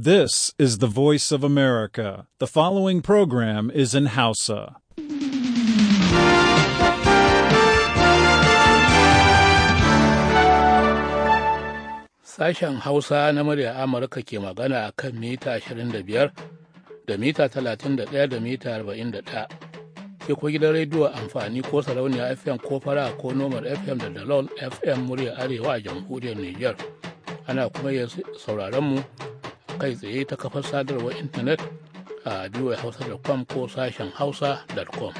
This is the voice of America. The following program is in Hausa. Sashen Hausa na murya Amurka ke magana a kan mita 25 da mita 31 da mita 41. Sai ko gidan rediyo amfani ko sarauniya FM ko fara ko nomar FM da Dalol FM murya Arewa a jamhuriyar Nijar. Ana kuma iya sauraron kai tsaye ta kafar sadarwar intanet a voahausa.com ko sashen hausa.com.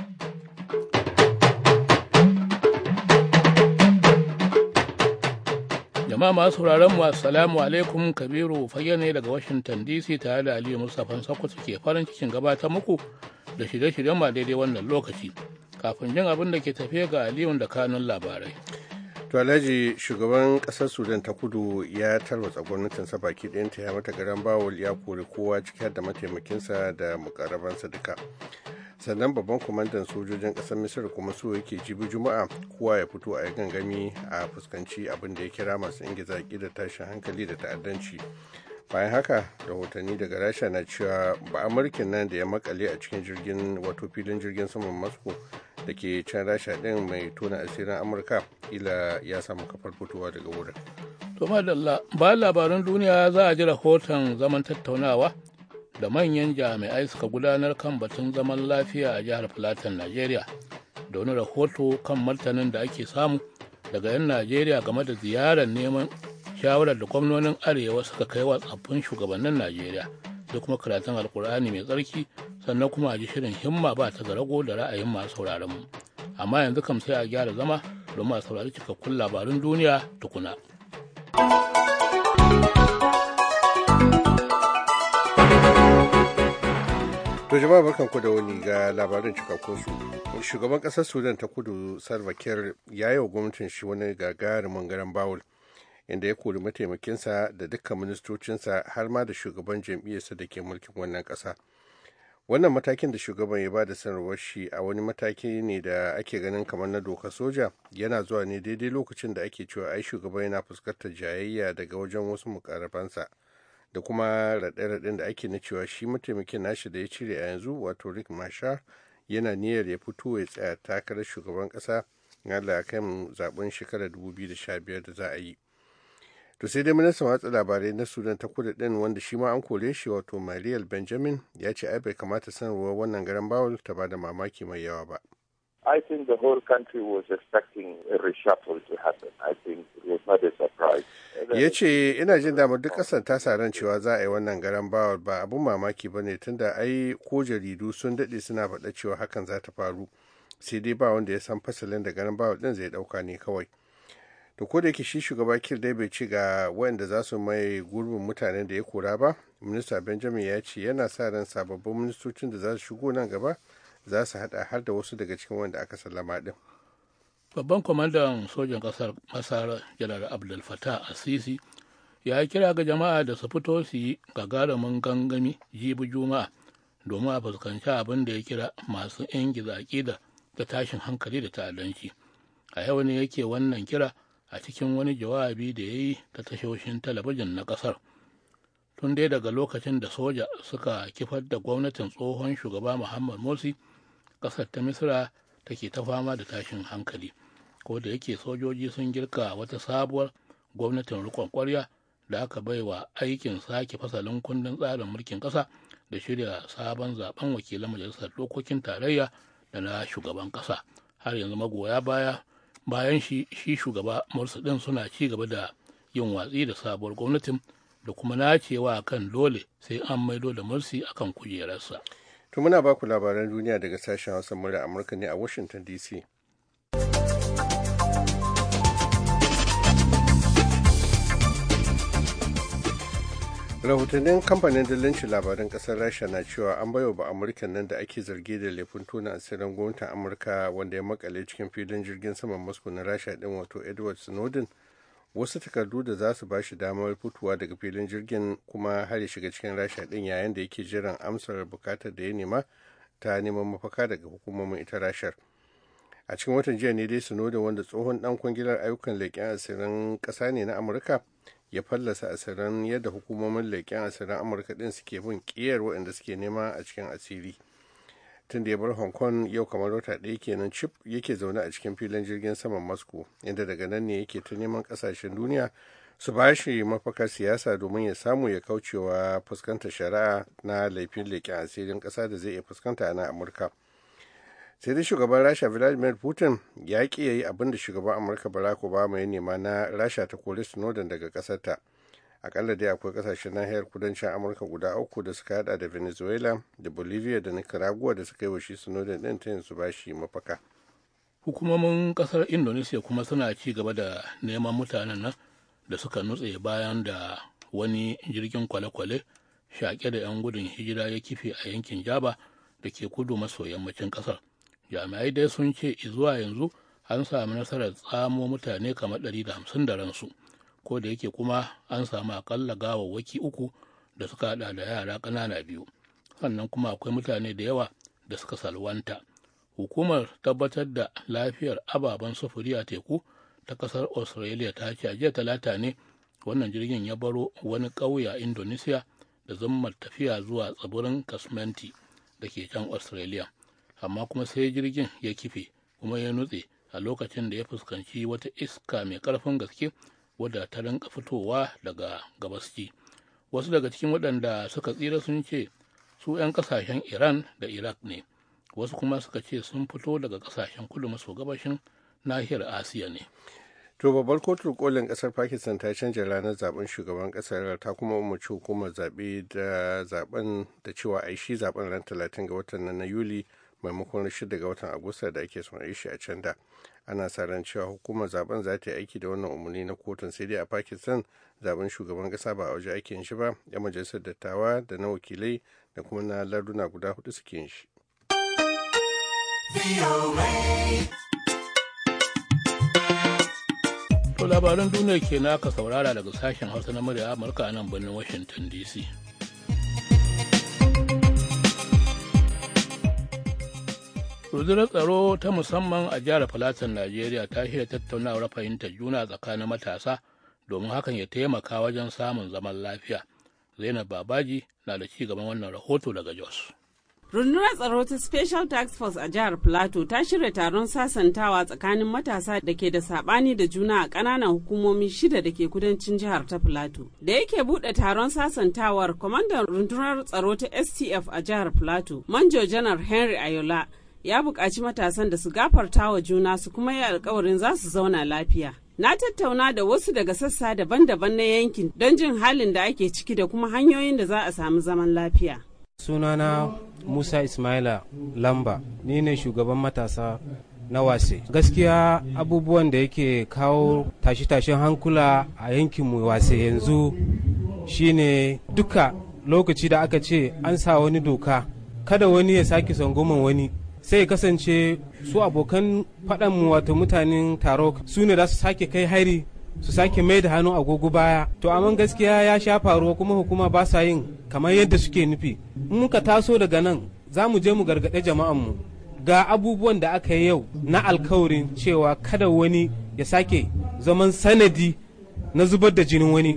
jama'a masu sauraron mu assalamu alaikum kabiru fage ne daga washington dc tare da aliyu mustapha sokoto ke farin cikin gabatar muku da shirye-shiryen ma daidai wannan lokaci kafin jin abin da ke tafe ga aliyu da kanun labarai to alhaji shugaban kasar sudan ta kudu ya tarwatsa gwamnatinsa baki ɗayanta ya mata garan bawul ya kori kowa ciki da mataimakinsa da mukarabansa duka sannan babban kwamandan sojojin ƙasar misir kuma so yake jibi juma'a kowa ya fito a gangami a fuskanci abin da ya kira masu ingiza da tashin hankali da ta'addanci bayan haka rahotanni daga rasha na cewa ba amurkin nan da ya makale a cikin jirgin wato filin jirgin saman moscow da ke can rasha din mai tona asirin amurka ila ya samu kafar fitowa daga wurin to madalla bayan labaran duniya za a ji rahoton zaman tattaunawa da manyan jami'ai suka gudanar kan batun zaman lafiya a jihar filatin najeriya da wani rahoto kan martanin da ake samu daga 'yan najeriya game da ziyarar neman shawarar da gwamnonin arewa suka kai wa tsaffin shugabannin najeriya da kuma karatun alkur'ani mai tsarki sannan kuma a ji shirin himma ba ta rago da ra'ayin masu sauraron mu amma yanzu kam sai a gyara zama domin a saurari cikakkun labarun duniya tukuna. To jama'a barkanku da wani ga labarin cikakkun su. Shugaban ƙasar Sudan ta kudu Salva Kiir ya yi wa gwamnatin shi wani gagarumin garan bawul. inda ya kori mataimakinsa da dukkan ministocinsa har ma da shugaban jam'iyyarsa da ke mulkin wannan ƙasa wannan matakin da shugaban ya ba da sanarwar shi a wani mataki ne da ake ganin kamar na dokar soja yana zuwa ne daidai lokacin da ake cewa ai shugaban yana fuskantar jayayya daga wajen wasu mukarabansa da kuma raɗe-raɗen da ake na cewa shi mataimakin nashi da ya cire a yanzu wato rick Masha yana niyyar ya fito ya tsaya takarar shugaban ƙasa Allah kan zaɓen shekarar 2015 da za a yi. to sai dai ministan watsa labarai na sudan ta kudu din wanda shi ma an kore shi wato mariel benjamin ya ce ai bai kamata sanarwar wannan garan bawul ta bada mamaki mai yawa ba I think the whole country was expecting a reshuffle Ya ce, ina jin damar duk ƙasar ta ran cewa za a yi wannan garan bawar ba abun mamaki ba ne tunda ai ko jaridu sun daɗe suna faɗa cewa hakan za ta faru. Sai dai ba wanda ya san fasalin da garan bawar ɗin zai ɗauka ne kawai. to ko da yake shi shugaba kir dai bai ci ga wanda za su mai gurbin mutanen da ya kora ba minista benjamin ya ce yana sa ran sababbin ministocin da za su shigo nan gaba za su hada har da wasu daga cikin wanda aka sallama din babban kwamandan sojan kasar masar janar abdul fata asisi ya kira ga jama'a da su fito su yi gagarumin gangami jibi juma'a domin a fuskanci abin da ya kira masu 'yan gizaƙi da tashin hankali da ta'addanci a yau ne yake wannan kira a cikin wani jawabi da ya yi ta tashoshin talabijin na ƙasar tun dai daga lokacin da soja suka kifar da gwamnatin tsohon shugaba muhammad morsi ƙasar ta misra take ta fama da tashin hankali ko da yake sojoji sun girka wata sabuwar gwamnatin riƙon ƙwarya da aka bai wa aikin sake fasalin kundin tsarin mulkin ƙasa da shirya sabon zaben wakilan majalisar dokokin tarayya da na shugaban ƙasa har yanzu magoya baya bayan shi shi shugaba morsa ɗin suna ci gaba da yin watsi da sabuwar gwamnatin da kuma nacewa kan dole sai an maido da morsi akan kujerarsa to muna baku labaran duniya daga sashen hausa murya amurka ne a washington dc rahotannin kamfanin dillancin labaran kasar rasha na cewa an baiwa ba amurka nan da ake zargi da laifin tona asirin gwamnati amurka wanda ya makale cikin filin jirgin saman moscow na rasha din wato edward snowden wasu takardu da za su ba shi damar fitowa daga filin jirgin kuma har ya shiga cikin rasha din yayin da yake jiran amsar bukatar da ya nema ta neman mafaka daga hukumomin ita rashar a cikin watan jiya ne dai snowden wanda tsohon dan kwangilar ayyukan leƙen asirin ƙasa ne na amurka ya fallasa asirin yadda hukumomin leƙen asirin amurka ɗin suke bin ƙiyar waɗanda suke nema a cikin asiri tun da ya bar hong kong yau kamar wata ɗaya kenan chip yake zaune a cikin filin jirgin saman moscow inda daga nan ne yake ta neman ƙasashen duniya su ba shi mafakar siyasa domin ya samu ya kaucewa fuskantar shari'a na laifin leƙen asirin ƙasa da zai iya fuskanta a amurka sai dai shugaban rasha vladimir putin ya ki ya yi abin da shugaban amurka barack obama ya nema na rasha ta kori snowden daga ƙasarta akalla dai akwai ƙasashen nahiyar kudancin amurka guda uku da suka hada da venezuela da bolivia da nicaragua da suka yi wa shi snowden ɗin ta yanzu ba shi mafaka hukumomin ƙasar indonesia kuma suna ci gaba da neman mutanen nan da suka nutse bayan da wani jirgin kwale-kwale shaƙe da 'yan gudun hijira ya kife a yankin jaba da ke kudu maso yammacin ƙasar jami'ai dai sun ce zuwa yanzu an samu nasarar tsamo mutane kamar ɗari da ransu ko da yake kuma an samu akalla gawawwaki uku da suka haɗa da yara ƙanana biyu sannan kuma akwai mutane da yawa da suka salwanta hukumar tabbatar da lafiyar ababen sufuri a teku ta kasar australia ta ce a jiya talata ne wannan jirgin ya baro wani ƙauye a indonesia da zammar tafiya zuwa tsibirin kasmenti da ke can australia amma kuma sai jirgin ya kife kuma ya nutse a lokacin da ya fuskanci wata iska mai karfin gaske wadda ta rinka fitowa daga gabasci wasu daga cikin waɗanda suka tsira sun ce su 'yan ƙasashen iran da iraq ne wasu kuma suka ce sun fito daga ƙasashen kudu maso gabashin nahiyar asiya ne to babbar kotun kolin kasar pakistan ta canja ranar zaben shugaban kasar ta kuma umarci hukumar zabe da zaben da cewa aishi zaben ran talatin ga watan na yuli maimakon 6 ga watan agusta da ake son shi a can da ana sa ran cewa hukumar zaben za ta yi aiki da wannan umarni na kotun sai dai a pakistan zaben shugaban kasa ba a waje ake yin shi ba yan majalisar dattawa da na wakilai da kuma na larduna guda hudu suke yin shi To labaran duniya ke naka saurara daga sashen hausa na murya amurka nan birnin washington dc rundunar tsaro ta musamman a jihar Filatin Najeriya ta shirya tattaunawar fahimtar juna tsakanin matasa domin hakan ya taimaka wajen samun zaman lafiya. Zainab Babaji na da ci gaban wannan rahoto daga Jos. Rundunar tsaro ta Special Task Force a jihar Plateau ta shirya taron sasantawa tsakanin matasa da ke da sabani da juna a ƙananan hukumomi shida da ke kudancin jihar ta Plateau. Da yake buɗe taron sasantawar, kwamandan rundunar tsaro ta STF a jihar Plateau, Manjo Janar Henry Ayola, ya buƙaci matasan da su gafarta wa juna su kuma yi alkawarin za su zauna lafiya. Na tattauna da wasu daga sassa daban-daban na yankin don jin halin da ake ciki da kuma hanyoyin da za a samu zaman lafiya. Sunana Musa Ismaila Lamba, ni ne shugaban matasa na wase. Gaskiya abubuwan da yake kawo tashe-tashen hankula a yankin mu wase yanzu shine duka lokaci da aka ce an sa wani doka, kada wani ya sake sangoman wani. sai kasance su abokan faɗan wato mutanen taro su ne za su sake kai hari su sake mai da hannu agogo baya to amma gaskiya ya sha faruwa kuma hukuma ba sa yin kamar yadda suke nufi in muka taso daga nan za mu je mu gargaɗe mu. ga abubuwan da aka yi yau na alkawarin cewa kada wani ya sake zaman sanadi na zubar da jinin wani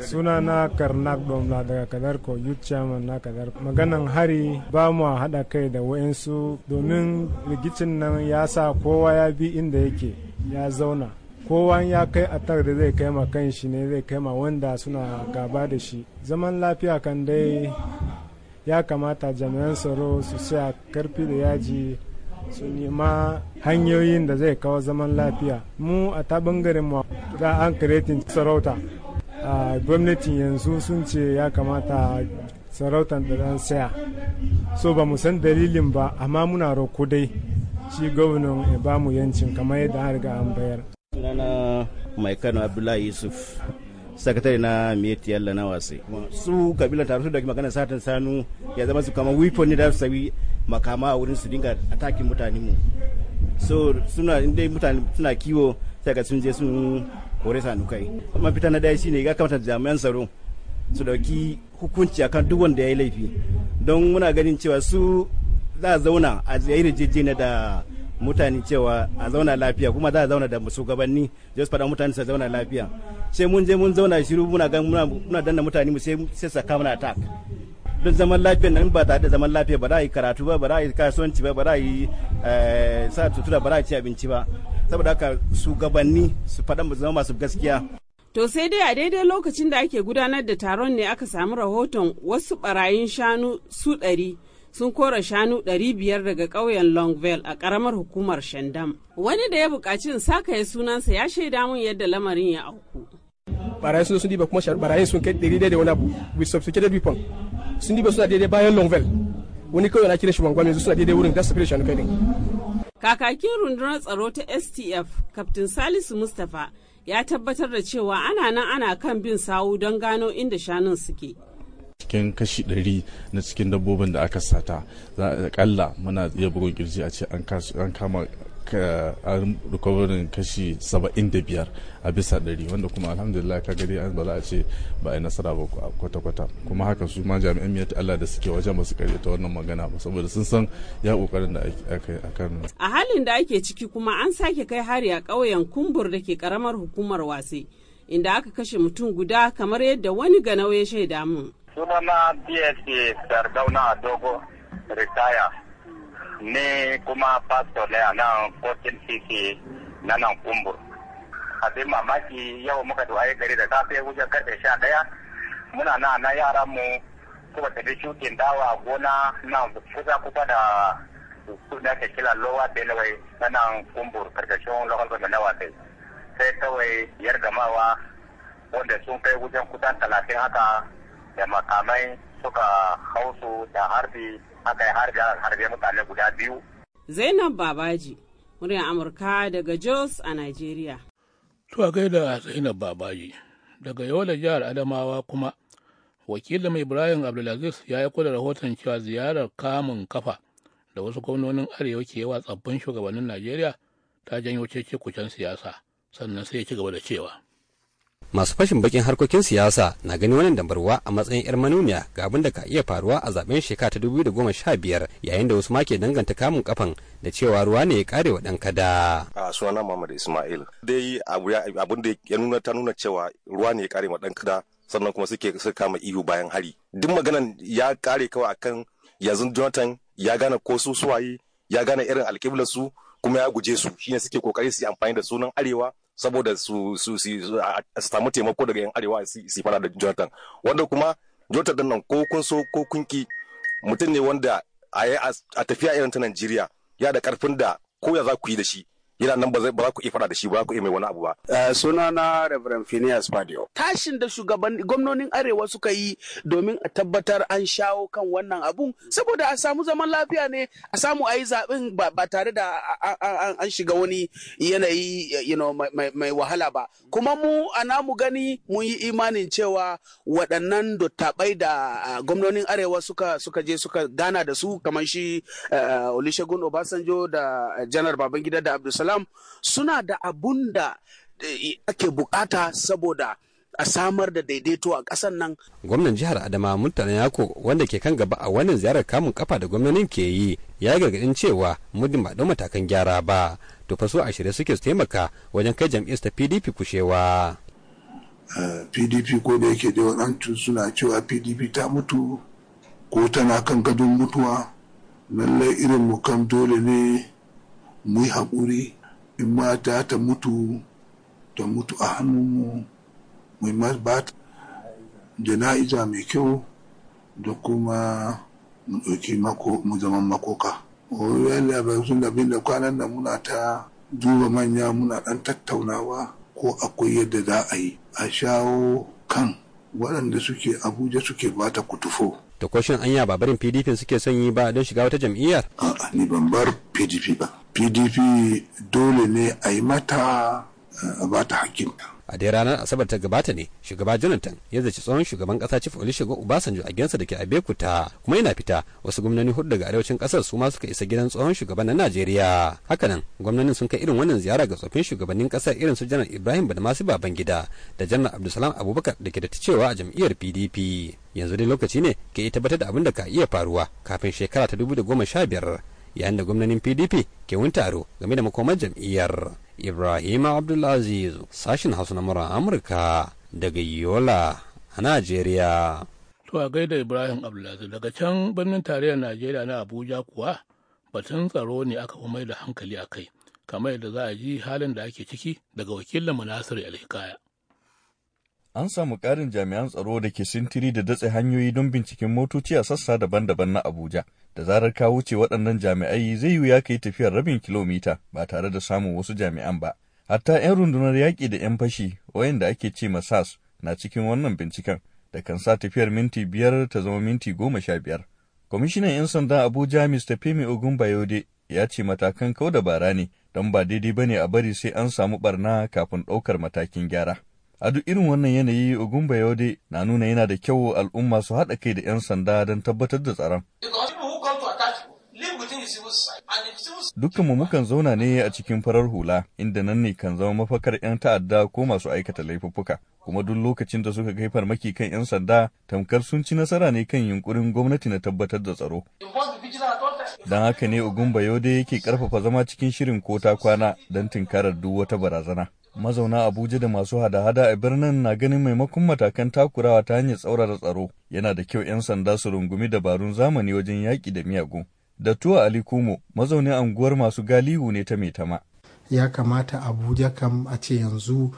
suna na karnak domla daga kadarko youth chairman na kadar maganan hari ba mu haɗa kai da wayansu domin rigicin nan ya sa kowa ya bi inda yake ya zauna kowa ya kai atar da zai kai ma kan shi ne zai kai ma wanda suna gaba da shi zaman lafiya kan dai ya kamata jami'an tsaro su sa karfi da yaji su nema hanyoyin da zai kawo zaman lafiya mu a ta bangaren mu da an kiretin sarauta gwamnatin yanzu sun ce ya kamata sarautar da dan saya so ba mu san dalilin ba amma muna roko dai shi gwamnan ya ba mu yancin kamar yadda an riga an bayar sunana mai kano abdullahi yusuf sakatare na meti yalla na wasai su kabila taru da magana satan sanu ya zama su kama wifon ne da su sabi makama a wurin su dinga atakin mutane mu so suna inda mutane suna kiwo sai ka sun je sun kore sa sanukai fita na daya shine ga kamata jami'an tsaro su dauki hukunci akan duk wanda ya yi laifi don muna ganin cewa su za a zauna a yayi rijijjina da mutane cewa a zauna lafiya kuma za a zauna da musu gabanni zai faɗa mutane su zauna lafiya sai mun je mun zauna shiru muna gan muna danna mutane mu sai sai saka mana attack don zaman lafiya nan ba tare da zaman lafiya ba za a yi karatu ba ba za a yi kasuwanci ba ba za a yi eh, sa tutura ba za a ci abinci ba saboda haka shugabanni su faɗa zama masu gaskiya To sai dai a daidai lokacin da ake gudanar da taron ne aka samu rahoton wasu barayin shanu su ɗari sun kora shanu ɗari biyar daga ƙauyen Longville a ƙaramar hukumar Shandam. Wani da ya buƙaci in ya sunansa ya shaida mun yadda lamarin ya auku. Barayin sun diba kuma barayin sun kai ɗari da wani abu with sophisticated weapon. Sun diba suna daidai bayan Longville. Wani kawai na kira shi wangwami suna daidai wurin da su fere shanu kai ne. Kakakin rundunar tsaro ta STF, Kaftin Salisu Mustapha, ya tabbatar da cewa ana nan ana kan bin sawu don gano inda shanun suke. cikin kashi ɗari na cikin dabbobin da aka sata za a kalla muna iya bugun kirji a ce an kama an recoverin kashi 75 a bisa 100 wanda kuma alhamdulillah ka gari an ba za a ce ba a yi nasara ba kwata-kwata kuma haka su ma jami'an miyar Allah da suke wajen ba su kare ta wannan magana ba saboda sun san ya kokarin da aka yi akan a halin da ake ciki kuma an sake kai hari a ƙauyen kumbur da ke karamar hukumar wase inda aka kashe mutum guda kamar yadda wani ganau ya shaida mun sunana bsd sardauna dogo ritaya ne kuma pastor ne a nan kotun cc na nan kumbur abin mamaki yau muka waye gari da safe wajen karfe sha daya muna na na yaran mu kuma tafi shukin dawa gona na kusa kusa da suna ke kila lowa belawai na nan kumbur karkashin lokal gwamnati na wasai sai kawai yar gamawa wanda sun kai wajen kusan talatin haka da makamai suka hausu da harbi aka yi harbe harbe mutane guda biyu. Zainab Babaji, muryar Amurka daga Jos a Najeriya. To a gaida Zainab Babaji, daga da jihar Adamawa kuma wakilin Ibrahim Abdulaziz ya yi kula rahoton cewa ziyarar kamun kafa da wasu gwamnonin arewa ke yawa tsabbin shugabannin Najeriya ta janyo cece kucen siyasa sannan sai ya ci gaba da cewa. masu fashin bakin harkokin siyasa na gani wannan dambarwa a matsayin yar manuniya ga abin da ka iya faruwa a zaben shekara ta sha biyar yayin da wasu ma ke danganta kamun kafan da cewa ruwa ne ya kare wa dan kada a sunana Muhammad Ismail dai abun da ya nuna ta nuna cewa ruwa ne ya kare wa dan kada sannan kuma suke suka kama ihu bayan hari duk maganan ya kare kawai akan yanzu Jonathan ya gane ko su suwaye ya gane irin alƙiblar su kuma ya guje su shine suke kokari su yi amfani da sunan arewa saboda su su su samu taimako daga yan arewa su fara da jonathan wanda kuma jonathan din nan ko kun so ko kun ki mutum ne wanda a tafiya irin ta najeriya ya da karfin da ko ya za ku yi da shi yana nan ba za ku iya fada da shi ba za ku iya mai wani abu ba. Eh, suna na Reverend Phineas Fadio. Tashin da shugaban gwamnonin Arewa suka yi domin a tabbatar an shawo kan wannan abun saboda a samu zaman lafiya ne a samu a yi zaɓen ba tare da an shiga wani yanayi mai wahala ba. Kuma mu a namu gani mun yi imanin cewa waɗannan dottabai da gwamnonin Arewa suka suka je suka gana da su kamar shi eh, Olusegun Obasanjo da eh, Janar Babangida da Abdul salam suna da abun da ake bukata saboda a samar da daidaito a ƙasar nan. Gwamnan jihar Adama Murtala Yako wanda ke kan gaba a wannan ziyarar kamun kafa da gwamnanin ke yi ya yi cewa muddin ba ɗau matakan gyara ba to fa a shirye suke su taimaka wajen kai jam'iyyar ta PDP kushewa. PDP eh, ko da yake da waɗancu suna cewa PDP ta mutu ko tana kan gadon mutuwa lallai irin mu kan dole ne mu yi haƙuri in mata ta mutu ta mutu a hannunmu mu yi ba jana'iza mai kyau da kuma mu ɗauki mu zama makoka. Oyoyin labarin labin da kwanan da muna ta duba manya muna ɗan tattaunawa ko akwai yadda za a yi a shawo kan waɗanda suke Abuja suke bata kutufo. Da kwashin anya babarin PDP suke son yi ba don shiga wata jam'iyyar? A'a ni ban bar PDP ba. pdp dole ne a yi mata a ba ta a dai ranar asabar ta gabata ne shugaba jonathan ya zaci tsohon shugaban kasa chief olusegun obasanjo a gidansa da ke abekuta kuma yana fita wasu gwamnani hudu daga arewacin kasar su ma suka isa gidan tsohon shugaban na najeriya hakanan gwamnanin sun kai irin wannan ziyara ga tsofin shugabannin kasar irin su janar ibrahim baban gida da janar abdulsalam abubakar da ke da cewa a jam'iyyar pdp yanzu dai lokaci ne ke tabbatar da abin da ka iya faruwa kafin shekara ta dubu da goma sha biyar yayin da gwamnanin pdp ke wani taro game da makomar jam'iyyar ibrahim abdulaziz Sashen hausa na mura amurka daga yola a najeriya to a gaida ibrahim abdulaziz daga can birnin tarayyar najeriya na abuja kuwa batun tsaro ne aka fi mai da hankali a kai kamar yadda za a ji halin da ake ciki daga wakilin munasir alhikaya an samu ƙarin jami'an tsaro da ke sintiri da datse hanyoyi don binciken motoci a sassa daban-daban na Abuja. Da zarar ka wuce waɗannan jami'ai zai yiwu ya kai tafiyar rabin kilomita ba tare da samun wasu jami'an ba. Hatta 'yan rundunar yaƙi da 'yan fashi wayanda ake ce ma SAS na cikin wannan binciken da kan sa tafiyar minti biyar ta zama minti goma sha biyar. Kwamishinan 'yan sandan Abuja Mr. Femi bayode ya ce matakan kau da bara ne don ba daidai ba ne a bari sai an samu barna kafin ɗaukar matakin gyara. A duk irin wannan yanayi ogun Yaude na nuna yana da kyau al'umma su haɗa kai da 'yan sanda don tabbatar da tsaron. Dukkan mu mukan zauna ne a cikin farar hula inda nan ne kan zama mafakar 'yan ta'adda ko masu aikata laifuffuka. Kuma duk lokacin da suka kai farmaki kan 'yan sanda tamkar sun ci nasara ne kan yunkurin gwamnati na tabbatar da tsaro. Don haka ne Ogun Bayode yake karfafa zama cikin shirin ko ta kwana don tunkarar duk wata barazana. mazauna abuja da masu hada-hada a birnin na ganin maimakon matakan takurawa ta hanyar tsaurara tsaro yana da kyau 'yan sanda su rungumi dabarun zamani wajen yaƙi da miyagu da tuwa ali kumo mazaunin anguwar masu galihu ne ta maitama ya kamata abuja kam a ce yanzu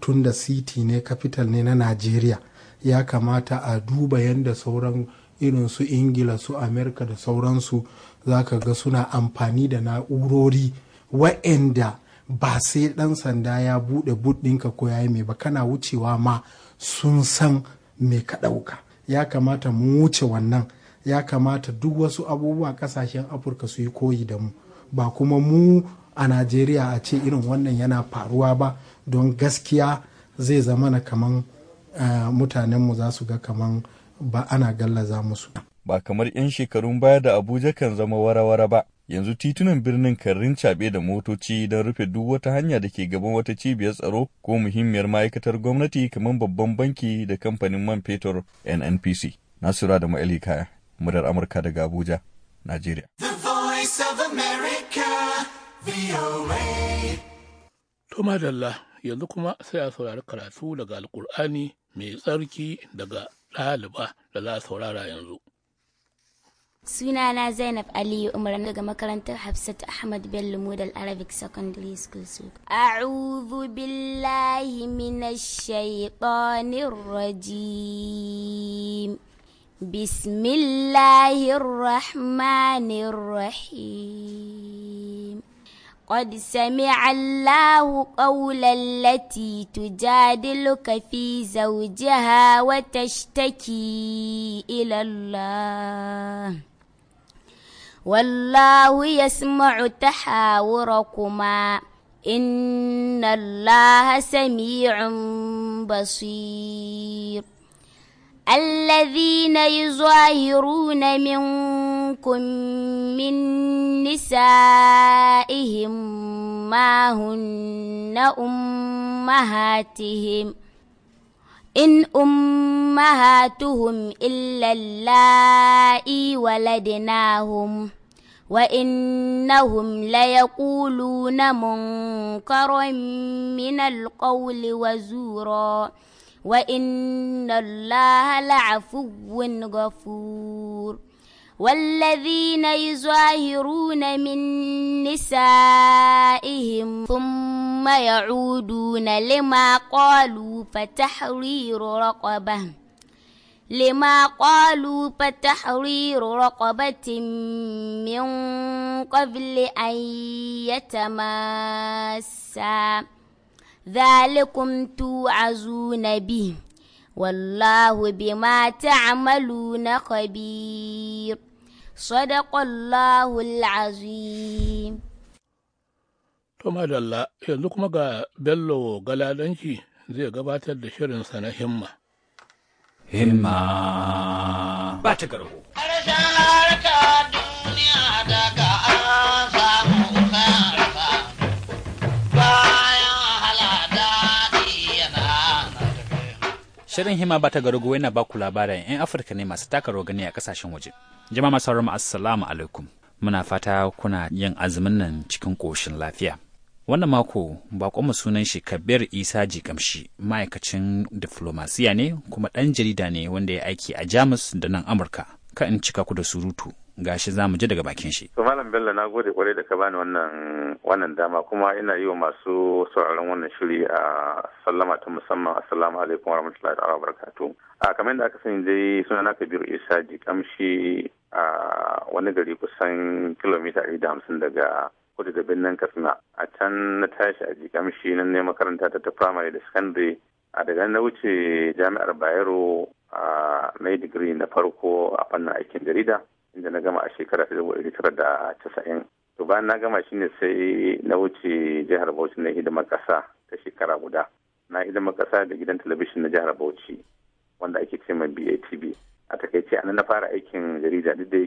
tun da city ne capital ne na najeriya ya kamata a duba yadda sauran irin su ingila su amerika da sauransu za ka ga suna amfani da na'urori wa'anda ba sai ɗan sanda ya buɗe but ko ya yi mai ba kana wucewa ma sun san me ka ɗauka ya kamata mu wuce wannan ya kamata duk wasu abubuwa kasashen afirka su yi koyi da mu ba kuma mu a najeriya a ce irin wannan yana faruwa ba don gaskiya zai zama na kaman uh, eh, mutanenmu za su ga kaman ba ana gallaza musu ba kamar 'yan shekarun baya da abuja kan zama wara-wara ba yanzu titunan birnin kan caɓe da motoci don rufe duk wata hanya da ke gaban wata cibiyar tsaro ko muhimmiyar ma'aikatar gwamnati kamar babban banki da kamfanin man fetur nnpc nasura da ma'ali kaya murar amurka daga abuja najeriya tomadalla yanzu kuma sai a saurari karatu daga alkur'ani mai tsarki daga ɗaliba da za a saurara yanzu sunana zainab aliyu umar daga makarantar hafsat ahmad bello model arabic secondary school suk a'udhu billahi minash shaitanir rajim bismillahir rahmanir rahim قد سمع الله قول التي تجادلك في زوجها وتشتكي إلى الله والله يسمع تحاوركما إن الله سميع بصير الذين يظاهرون منكم من نسائهم ما هن أمهاتهم إن أمهاتهم إلا اللائي ولدناهم وإنهم ليقولون منكرا من القول وزورا وإن الله لعفو غفور والذين يظاهرون من نسائهم ثم ثم يعودون لما قالوا فتحرير رقبه لما قالوا فتحرير رقبة من قبل أن يتماسا ذلكم توعزون به والله بما تعملون خبير صدق الله العظيم To madalla yanzu kuma ga Bello Galadanci zai gabatar da shirinsa na himma. Himma ba ta garbo. Shirin hima ba ta garugu yana baku ku labarin 'yan Afirka ne masu taka gani a kasashen waje. Jama'a masu assalamu alaikum. Muna fata kuna yin azumin nan cikin ƙoshin lafiya. Wannan mako mu sunan shi Kabir Isa Jigamshi ma'aikacin diflomasiya ne kuma ɗan jarida ne wanda ya aiki a Jamus da nan Amurka. Ka in cika ku da surutu gashi za mu ji daga bakin shi. To Malam Bello na gode kwarai da ka bani wannan wannan dama kuma ina yi wa masu sauraron wannan shiri a sallama ta musamman assalamu alaikum warahmatullahi ta'ala barakatu. A kamar da aka sani dai suna na Kabiru Isa Jikamshi a wani gari kusan kilomita 150 daga kudu da birnin katsina a can na tashi a jikamshi na ne makaranta ta ta firamare da sakandare a daga na wuce jami'ar bayero a mai digiri na farko a fannin aikin jarida inda na gama a shekara ta da casa'in to bayan na gama shine sai na wuce jihar bauchi na hidimar ƙasa ta shekara guda na hidimar ƙasa da gidan talabishin na jihar bauchi wanda ake ce ma batb a takaice a na fara aikin jarida duk da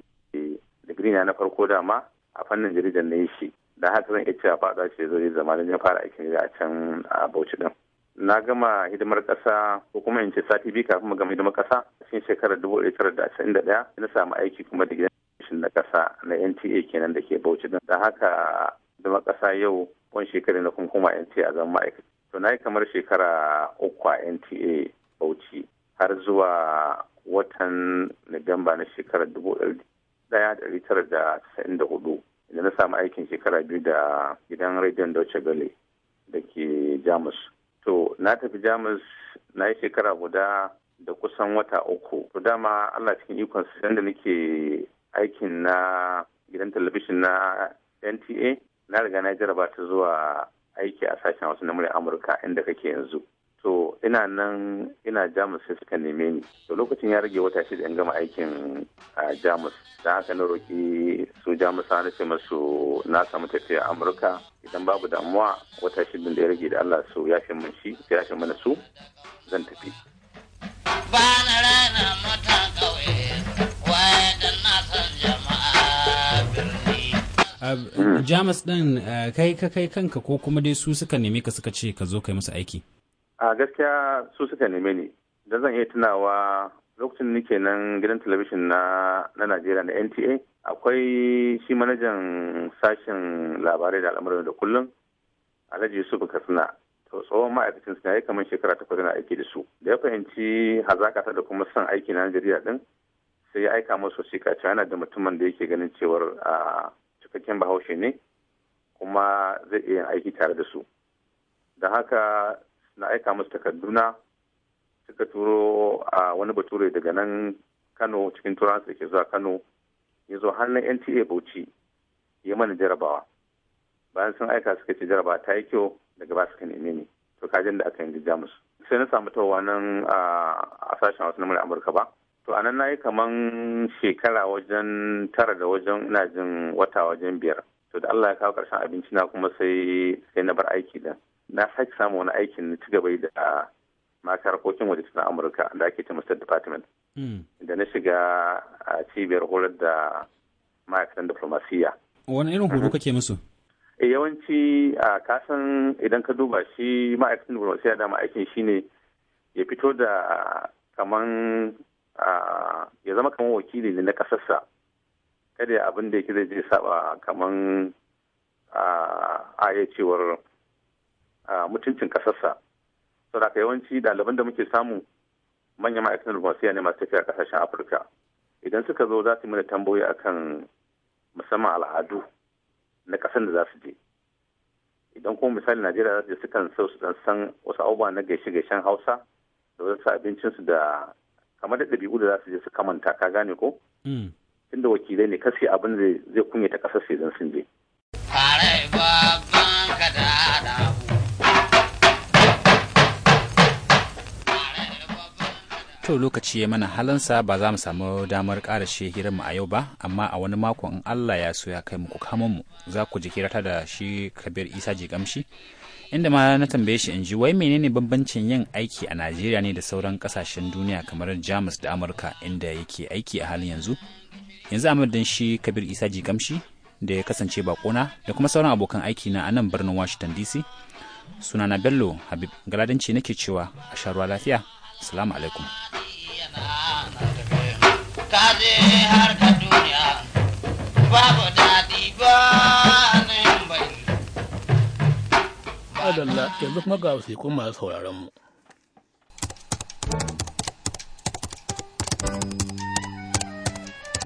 digiri na na farko dama a fannin jaridar na yi shi da haka zan iya cewa faɗa ce zo zamanin ya fara aikin a can a bauchi din na gama hidimar ƙasa ko kuma in ce sati biyu kafin mu gama hidimar ƙasa cikin shekarar dubu ɗaya tara da ashirin da ɗaya na samu aiki kuma da gidan na ƙasa na NTA kenan da ke bauchi din da haka hidimar ƙasa yau wani shekara na kuma kuma NTA zan ma'aikaci to na yi kamar shekara uku a NTA bauchi har zuwa watan Nuwamba na shekarar dubu ɗaya da tara da da hudu da na samu aikin shekara biyu da gidan rediyon Deutsche Welle da ke Jamus. To, na tafi Jamus na yi shekara guda da kusan wata uku. To dama Allah cikin ikon sanda nake aikin na gidan talabishin na NTA na riga na jaraba ta zuwa aiki a sashen wasu na Amurka inda kake yanzu. To ina nan ina Jamus sai suka neme ni. To lokacin ya rage wata shida in gama aikin a Jamus. Da haka na roƙi. su jamusa na ce masu na samu tafiya amurka idan babu damuwa wata shidin da ya rage da allah su ya fi mun shi ya fi mana su zan tafi hmm. jamus ɗin eh, kai ka kai kanka ko kuma dai su suka neme ka suka ce ka zo kai musu aiki a gaskiya su suka neme ne da zan iya tunawa lokacin nake nan gidan talabijin na na najeriya na nta akwai shi manajan sashen labarai da al'amuran da kullum alhaji yusuf katsina to tsohon ma'aikacin suna yi kamar shekara takwas yana aiki da su da ya fahimci hazaka ta da kuma son aiki na najeriya din sai ya aika musu shika cewa yana da mutumin da yake ganin cewar a cikakken bahaushe ne kuma zai iya yin aiki tare da su da haka na aika masu takarduna suka turo a wani bature daga nan kano cikin turansu da ke zuwa kano ya zo har na nta bauchi ya mana jarabawa bayan sun aika suka ce jarabawa ta yi kyau daga ba suka neme ni to kajin da aka yi jamus sai na samu tawa nan a sashen wasu namurin amurka ba to a nan na yi kaman shekara wajen tara da wajen ina jin wata wajen biyar to da allah ya kawo karshen abinci na kuma sai sai na bar aiki da na sake samu wani aikin na ci gaba da mata harkokin waje na amurka da ake ce mr department Hmm. da na shiga a cibiyar horar da ma'aikatan diplomasiya. Wani irin horo mhm. kake musu? Eh, yawanci a kasan idan ka duba shi ma'aikatan diplomasiya da ma'aikin shi ne ya fito da kaman ya zama kaman wakili ne na kasarsa. Kada ya abin da yake zai je saba kaman a cewar mutuncin kasarsa. Saboda yawanci ɗaliban da muke samu manyan ma'aikatan diplomasiya ne masu tafiya kasashen afirka idan suka zo za su mana tambayoyi kan musamman al'adu na kasan da za su je idan kuma misali najeriya za su je sukan so su dan san wasu abubuwa na gaishe-gaishen hausa da wasu abincinsu da kamar da ɗabi'u da za su je su kamanta ka gane ko hmm. tunda wakilai ne kasi abin zai kunyata kasar su idan sun je To lokaci ya mana halansa ba za mu samu damar ƙara shi a yau ba, amma a wani makon in Allah ya so ya kai mu ku mu za ku ji hirata da shi Kabir Isa Jigamshi. Inda ma na tambaye shi in ji wai menene bambancin yin aiki a Najeriya ne da sauran ƙasashen duniya kamar Jamus da Amurka inda yake aiki a halin yanzu. Yanzu a madadin shi Kabir Isa Jigamshi da ya kasance bakona da kuma sauran abokan aiki na a nan birnin Washington DC. Sunana Bello Habib galadanci nake cewa a sha lafiya. Assalamu alaikum. kaje duniya babu daɗi ba Adalla yanzu kuma ga wasikun masu sauraron mu.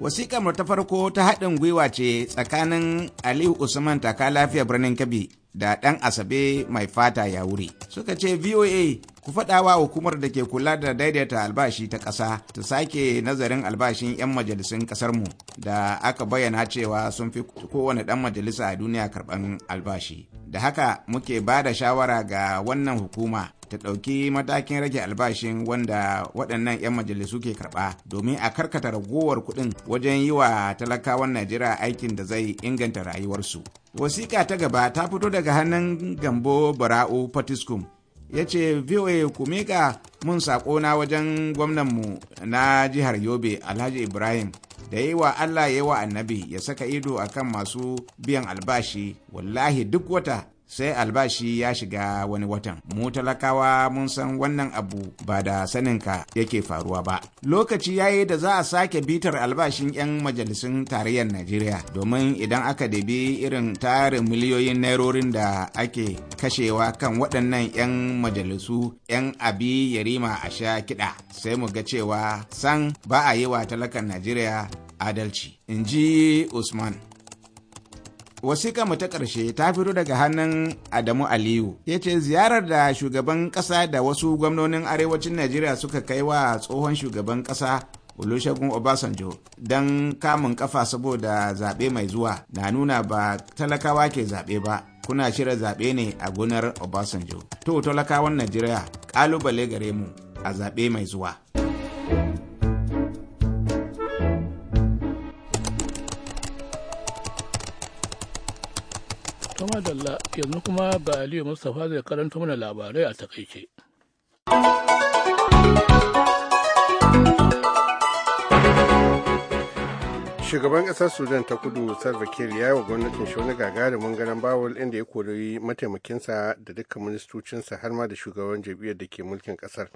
Wasiƙar mu ta farko ta haɗin gwiwa ce tsakanin Aliyu Usman taka lafiya birnin Kebbi da ɗan Asabe mai fata ya wuri. Suka ce VOA ku faɗawa wa hukumar da ke kula da daidaita albashi ta ƙasa ta sake nazarin albashin 'yan majalisun ƙasarmu da aka bayyana cewa sun fi kowane ɗan majalisa a duniya karɓar albashi da haka muke ba da shawara ga wannan hukuma ta ɗauki matakin rage albashin wanda waɗannan 'yan majalisu ke karɓa domin a karkata ragowar kuɗin wajen yi wa talakawan najeriya aikin da zai inganta rayuwarsu wasiƙa ta gaba ta fito daga hannun gambo barao fatiskum ya ce voa ku miƙa mun saƙo na wajen gwamnanmu na jihar yobe alhaji ibrahim da yi wa allah ya yi wa annabi ya saka ido akan masu biyan albashi wallahi duk wata sai albashi ya shiga wani watan mu talakawa mun san wannan abu ba da saninka yake faruwa ba lokaci ya yi da za a sake bitar albashin 'yan majalisun tarayyar najeriya domin idan aka debi irin tarin miliyoyin nairorin da ake kashewa kan waɗannan 'yan majalisu 'yan abi yarima a sha kiɗa sai mu ga cewa san ba a yi wa talakan najeriya adalci in ji usman wasiƙa mu ta ƙarshe ta fito daga hannun Adamu Aliyu. Ya ce ziyarar da shugaban ƙasa da wasu gwamnonin arewacin Najeriya suka kai wa tsohon shugaban ƙasa Olusegun Obasanjo don kamun kafa saboda zaɓe mai zuwa na nuna ba talakawa ke zaɓe ba kuna shirya zaɓe ne a gonar Obasanjo. To talakawan Najeriya ƙalubale gare mu a zaɓe mai zuwa. kuma Dalla yanzu kuma ba Aliyu Mustapha zai karanta mana labarai a takaice. Shugaban ƙasar Sudan ta kudu Salva Kiir ya yi wa gwamnatin shauna gagarin gagarumin ganin inda ya kori mataimakinsa da dukkan ministocinsa har ma da shugaban jam'iyyar da ke mulkin ƙasar.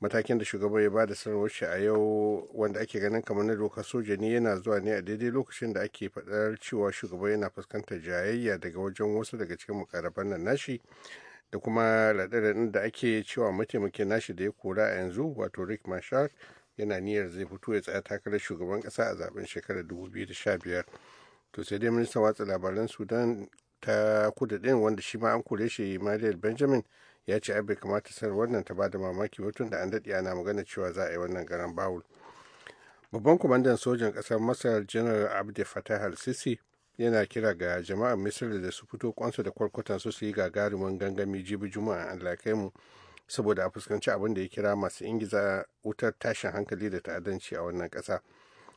matakin da shugaban ya bada sanarwar shi a yau wanda ake ganin kamar na dokar soja ne yana zuwa ne a daidai lokacin da ake faɗar cewa shugaban yana fuskantar jayayya daga wajen wasu daga cikin mukaraban nan nashi da kuma raɗe da ake cewa mataimakin nashi da ya kora a yanzu wato rick marshall yana niyyar zai fito ya tsaya takarar shugaban ƙasa a zaben shekarar 2015 to sai dai ministan watsa labaran sudan ta kudu wanda shi ma an kore shi mariel benjamin ya ce bai kamata sanar wannan ta bada mamaki mutum da an daɗe ana magana cewa za a yi wannan garan bawul babban kwamandan sojan ƙasar masar janar abdi fatah al-sisi yana kira ga jama'ar misir da su fito kwansa da kwarkwatan su su yi gagarumin gangami jibi juma'a a kai mu saboda a fuskanci abin da ya kira masu ingiza wutar tashin hankali da ta'addanci a wannan ƙasa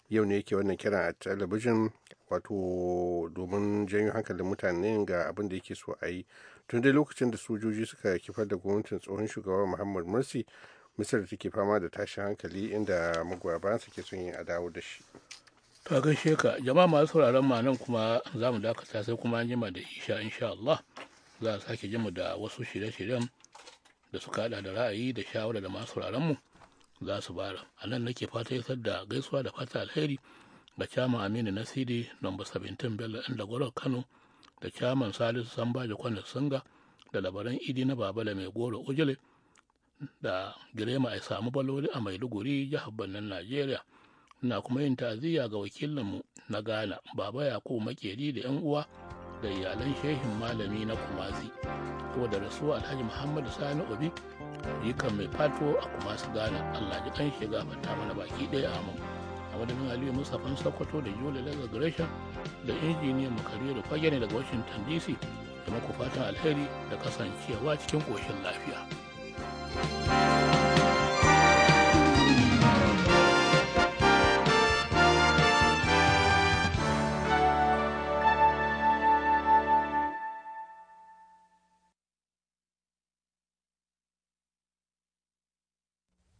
yau ne yake wannan kiran a talabijin wato domin janyo hankalin mutane ga abin da yake so a yi tun dai lokacin da sojoji suka kifar da gwamnatin tsohon shugaban muhammad mursi misir take fama da tashin hankali inda magwabansa ke son yin a dawo da shi to gaishe ka jama'a masu sauraron ma nan kuma za mu dakata sai kuma an jima da isha insha Allah za a sake jima da wasu shirye-shiryen da suka hada da ra'ayi da shawara da masu sauraron mu za su bara a nan nake fata ya da gaisuwa da fata alheri ga cama aminu nasiri nomba 17 bello inda gwarar kano da chairman salisu bada kwanar singa da labaran idi na babala mai goro ujile da girema a samu baloli a maiduguri jihar bannan najeriya na kuma yin ta'aziyya ga wakilinmu na ghana baba yakub makeri da yan uwa da iyalan shehin malami na kumasi ko da rasuwa alhaji muhammadu sani obi yi kan mai fato a kumasi ghana allah ji kan shiga fata mana baki ɗaya amin wadannan aliyu mustapha sokoto da yola daga gresham da injiniyan makariya da kwage ne daga washington dc da maku fatan alheri da kasancewa cikin koshin lafiya. thank you